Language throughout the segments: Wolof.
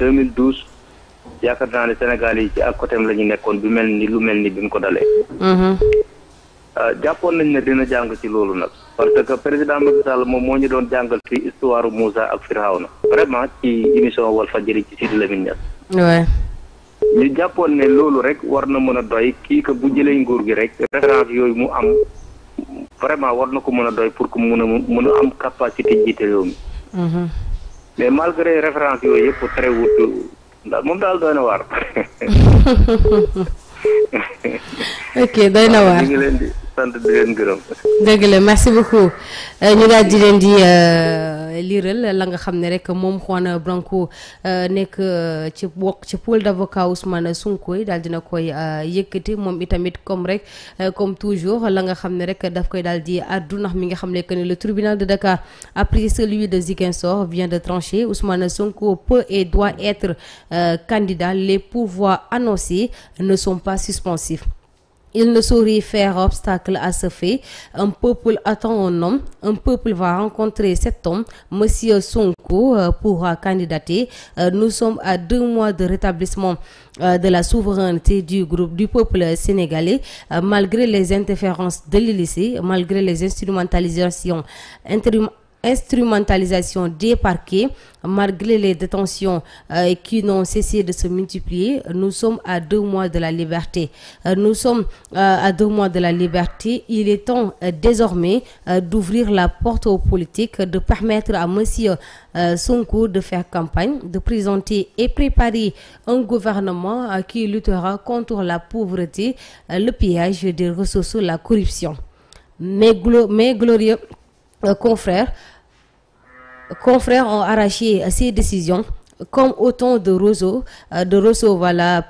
2012 yaakaar naa ne Sénégal yi ci ak côté la ñu nekkoon bi mel ni lu mel ni bi mu ko dalee. Mhm. Euh, jàppoon nañ ne dina jàng ci loolu nag. parce que président Macky Sall moom moo ñu doon jàngal ci histoire Moussa ak na vraiment ci émission Walfadjri ci Sidi Lamine Niass. ñu jàppoon ne loolu rek war na mën a doy kii que bu jëlee nguur gi rek référence yooyu mu am vraiment war na ko mën a doy pour ku mu mën a mën a am capacité jiite réew mi. Mhm. mais malgré référence yooyu yëpp très wut ndax moom daal doy na waar. ok doy na waar ñu ngi merci beaucoup euh, ñu di leen di. Euh, liiral la nga xam ne rek moom Juan Branco euh, nekk euh, ci bokk ci pool d'avocat Ousmane Sonko daal dina koy euh, yëkkati moom itamit comme rek comme toujours la nga xam ne rek daf koy daal di addu nax mi nga xam ne que ne le tribunal de Dakar après celui de Ziguinchor vient de trancher Ousmane Sonko peut et doit être candidat les pouvoirs annoncés ne sont pas suspensifs Il ne saurait faire obstacle à ce fait. Un peuple attend un homme. Un peuple va rencontrer cet homme, Monsieur Sonko, euh, pour euh, candidater. Euh, nous sommes à deux mois de rétablissement de la souveraineté du groupe du peuple sénégalais, malgré les interférences de l'Élysée, malgré les instrumentalisations inter instrumentalisation des parquets malgré les détentions euh, qui n'ont cessé de se multiplier nous sommes à deux mois de la liberté euh, nous sommes euh, à deux mois de la liberté il est temps euh, désormais euh, d'ouvrir la porte aux politiques de permettre à monsieur Sonko de faire campagne de présenter et préparer un gouvernement qui luttera contre la pauvreté le pillage des ressources la corruption mes, glo mes glorieux confrères ont arraché euh, ces décisions de roseaux euh, de roseaux voilà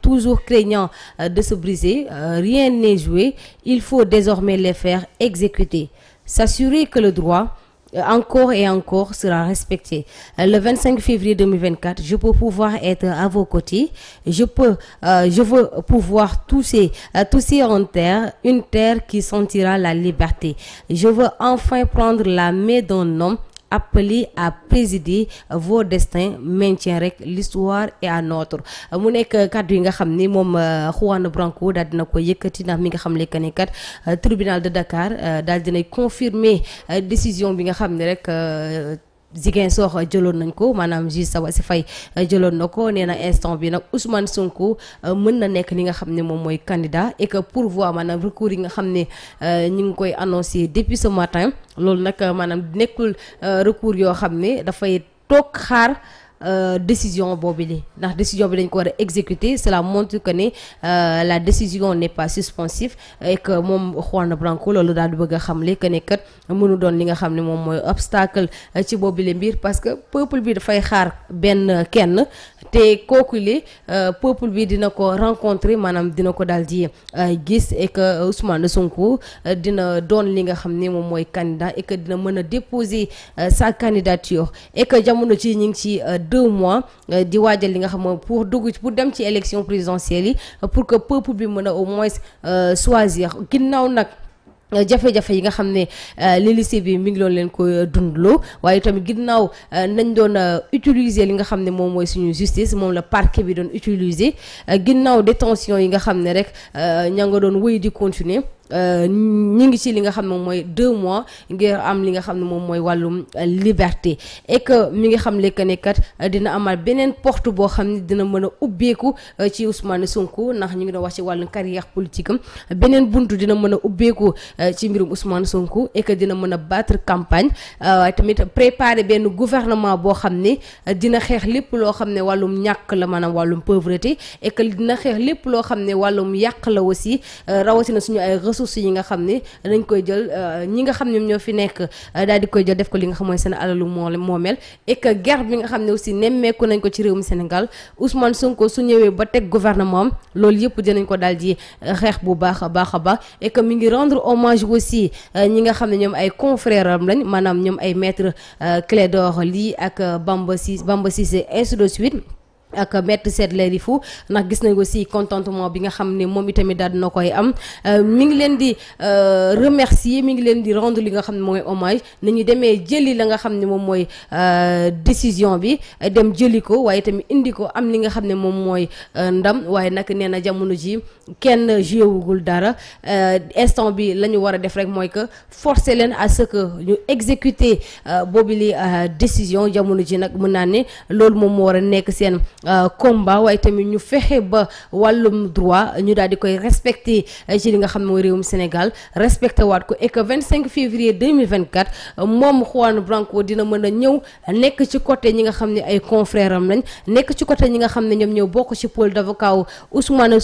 toujours craignant euh, de se briser rien n'est joué il faut désormais les faire exécuter s'assurer que le droit encore et encore sera respecté le 25 février 2024 je peux pouvoir être à vos je peux euh, je veux pouvoir tousser tousser en terre une terre qui la liberté je veux enfin prendre la main d'un homme appelés à présider vos destins maintient rek l'histoire est à notre mu nekk kàddu yi nga xam ni moom euh, Juan Branco dal dina ko yëkkati ndax mi nga xam ne que ne kat euh, tribunal de Dakar euh, daal dinay confirmer décision bi nga xam ne rek Ziguinchor jëloon nañ ko maanaam juge Sabassy Faye euh, jëloon na ko nee na instant bi nag Ousmane Sonko euh, mën na nekk li nga xam ne moom mooy candidat et que pourvoi maanaam recours yi nga xam ne euh, ñu ngi koy annoncé depuis ce matin loolu nag maanaam nekkul recours yoo xam ne dafay toog xaar. Euh, décision boobu li ndax décision bi dañ ko war a exécuter cela montre que ne euh, la décision n'est pas suspensive et que moom Juan Branco loolu daal di bëgg a xamle que ne kat mënu doon li nga xam ne moom mooy obstacle euh, ci boobu le mbir parce que peuple bi dafay xaar benn kenn te kooku li peuple bi dina ko rencontrer maanaam dina ko daal di gis et que Ousmane Sonko dina doon li nga xam ne moom mooy candidat dina mën a déposer sa candidature et jamono ci ñu ci deux mois euh, di waajal li nga xam moom pour dugg pour dem ci élection présidentielle yi euh, pour que peuple bi mën a au moins euh, choisir ginnaaw nag. jafe-jafe yi nga xam ne lycée bi mi ngi doon leen koy loo waaye tamit ginnaaw nañ doon utiliser li nga xam ne moom mooy suñu justice moom la parquet bi doon utiliser ginnaaw détention yi nga xam ne rek ña nga doon wéy di continuer Euh, ñu ngi ci li nga xam ne moom mooy deux mois ngir am li nga xam ne moom mooy wàllum euh, liberté et que mi nga xam lekk ne kat euh, dina amal beneen porte boo xam ne dina mën a ubbeeku ci Ousmane Sonko ndax ñu ngi doon wax ci wàllum carrière politique am beneen buntu dina mën a ubbeeku ci mbirum Ousmane Sonko et que dina mën a battre campagne tamit préparer benn gouvernement boo xam ne dina xeex lépp loo xam ne wàllum ñàkk la maanaam wàllum pauvreté et que dina xeex lépp loo xam ne wàllum yàq la aussi rawatina suñu ay suuf si yi nga xam ni dañ koy jël euh, ñi nga xam ne ñoo fi nekk euh, daal di koy jël def ko li nga xam mooy seen alalu moo moomeel et bi nga xam ne aussi nemmeeku nañ ko ci réewum Sénégal Ousmane Sonko su ñëwee ba teg gouvernement am loolu yëpp dinañ ko daal di euh, xeex bu baax a baax a baax et que mi ngi rendre hommage aussi ñi nga xam ne ñoom ay confrères lañ maanaam ñoom ay maître Clédor lii ak Bamba Cissé Bamba Cissé ainsi de suite ak maître Ciré Ly Fou ndax gis nañ si contentement bi nga xam ni moom itamit daal dina koy am euh, mu ngi leen di euh, remercier mi ngi leen di rendre li nga xam ne mooy hommage na ñu demee jëli la nga xam ne moom mooy euh, décision bi dem jëli ko waaye tamit indi ko am li nga xam ne moom mooy ndam waaye nag nee na jamono ji kenn jouewugul dara instant bi la ñu war a def rek mooy que forcer leen à ce que ñu exécuter boobu li décision jamono ji nag mën naa ne loolu moom moo war a nekk seen Euh, combat waaye tamit ñu fexe ba wàllum droit ñu daal di koy respecté euh, ci li nga xam ne mooy réewum Sénégal respecté waat ko et que 25 février 2024 euh, moom Juan Branco dina mën a ñëw nekk ci côté ñi nga xam ne ay confrères lañ nekk ci côté ñi nga xam ne ñoom ñëw bokk ci pôle d'avocat wu Ousmane a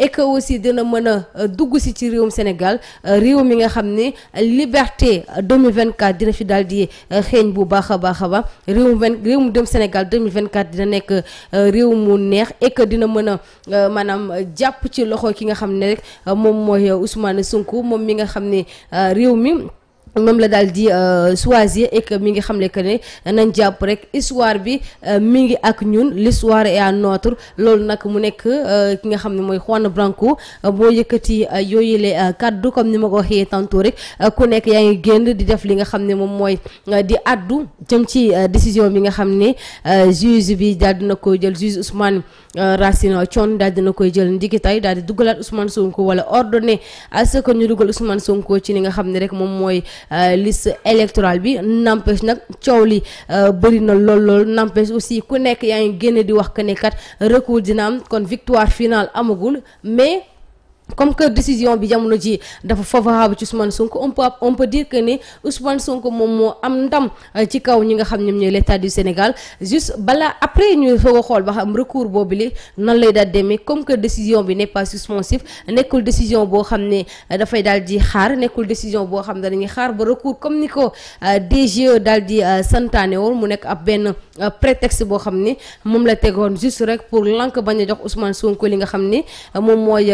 et que aussi dina mën a dugg si ci réewum Sénégal réew mi nga xam ne liberté 2024 dina fi daal di xeeñ bu baax a baax a baax réewum réewum dem Sénégal 2024 dina nekk. Euh, réew mu neex et dina mën a euh, maanaam euh, jàpp ci loxo ki nga xam ne rek moom mooy Ousmane Sonko moom mi nga xam ne réew mi moom la daal di euh, choisir et que mi ngi ne que ne nañ jàpp rek histoire bi euh, mi ngi ak ñun l'histoire est à notre loolu nag mu nekk euh, ki nga xam ne mooy Juan Branco boo yëkkati yooyu le kaddu comme ni ma ko waxee tantôt rek ku nekk yaa ngi génn di def li nga xam ne moom mooy di addu jëm ci décision bi nga xam ne juge bi daal dina koy jël juge Ousmane Racine Thion daal dina koy jël ndigi tay daal di dugalaat Ousmane Sonko wala ordonné à ce que ñu dugal Ousmane Sonko ci li nga xam ne rek moom mooy Euh, liste électorale bi n'empêche nag coow li euh, bëri na lool lool n'empêche aussi ku nekk yaa ngi génne di wax que ne kat recours dina am kon victoire finale amagul mais. comme que décision bi jamono ji dafa favorable ci Ousmane Sonko on peut on peut dire que ne Ousmane Sonko moom moo am ndam euh, ci kaw ñi nga xam ñoom ñooy l'état du Sénégal juste balaa après ñu soog a xool ba xam recours boobu li nan lay daal demee comme que décision bi n'est pas suspensif nekkul décision boo xam ne euh, dafay daal di xaar nekkul décision boo xam ne dañuy xaar ba recours comme ni ko euh, DGE daal di santaane woon mu nekk ab benn prétexte boo xam ne moom la tegoon juste rek pour lank bañ a jox Sonko li nga xam ne moom mooy.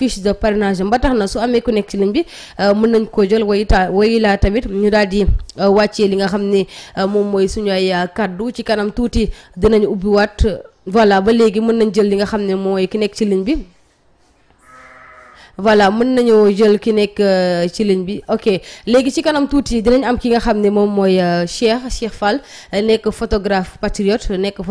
fiche de parrainage ba tax na su amee ku nekk ci ligne bi euh, mën nañ koo jël way ta way laa tamit ñu daal di euh, wàccee li nga xam ne euh, moom mooy suñ ay kàddu ci kanam tuuti dinañu ubbiwaat voilà ba léegi mën nañ jël li nga xam ne mooy ki nekk ci ligne bi. mën nañoo jël ki nekk ci ligne bi ok léegi ci kanam tuuti dinañ am ki nga xam ne moom mooy Cheikh Cheikh Fall nekk photographe patriote nekk.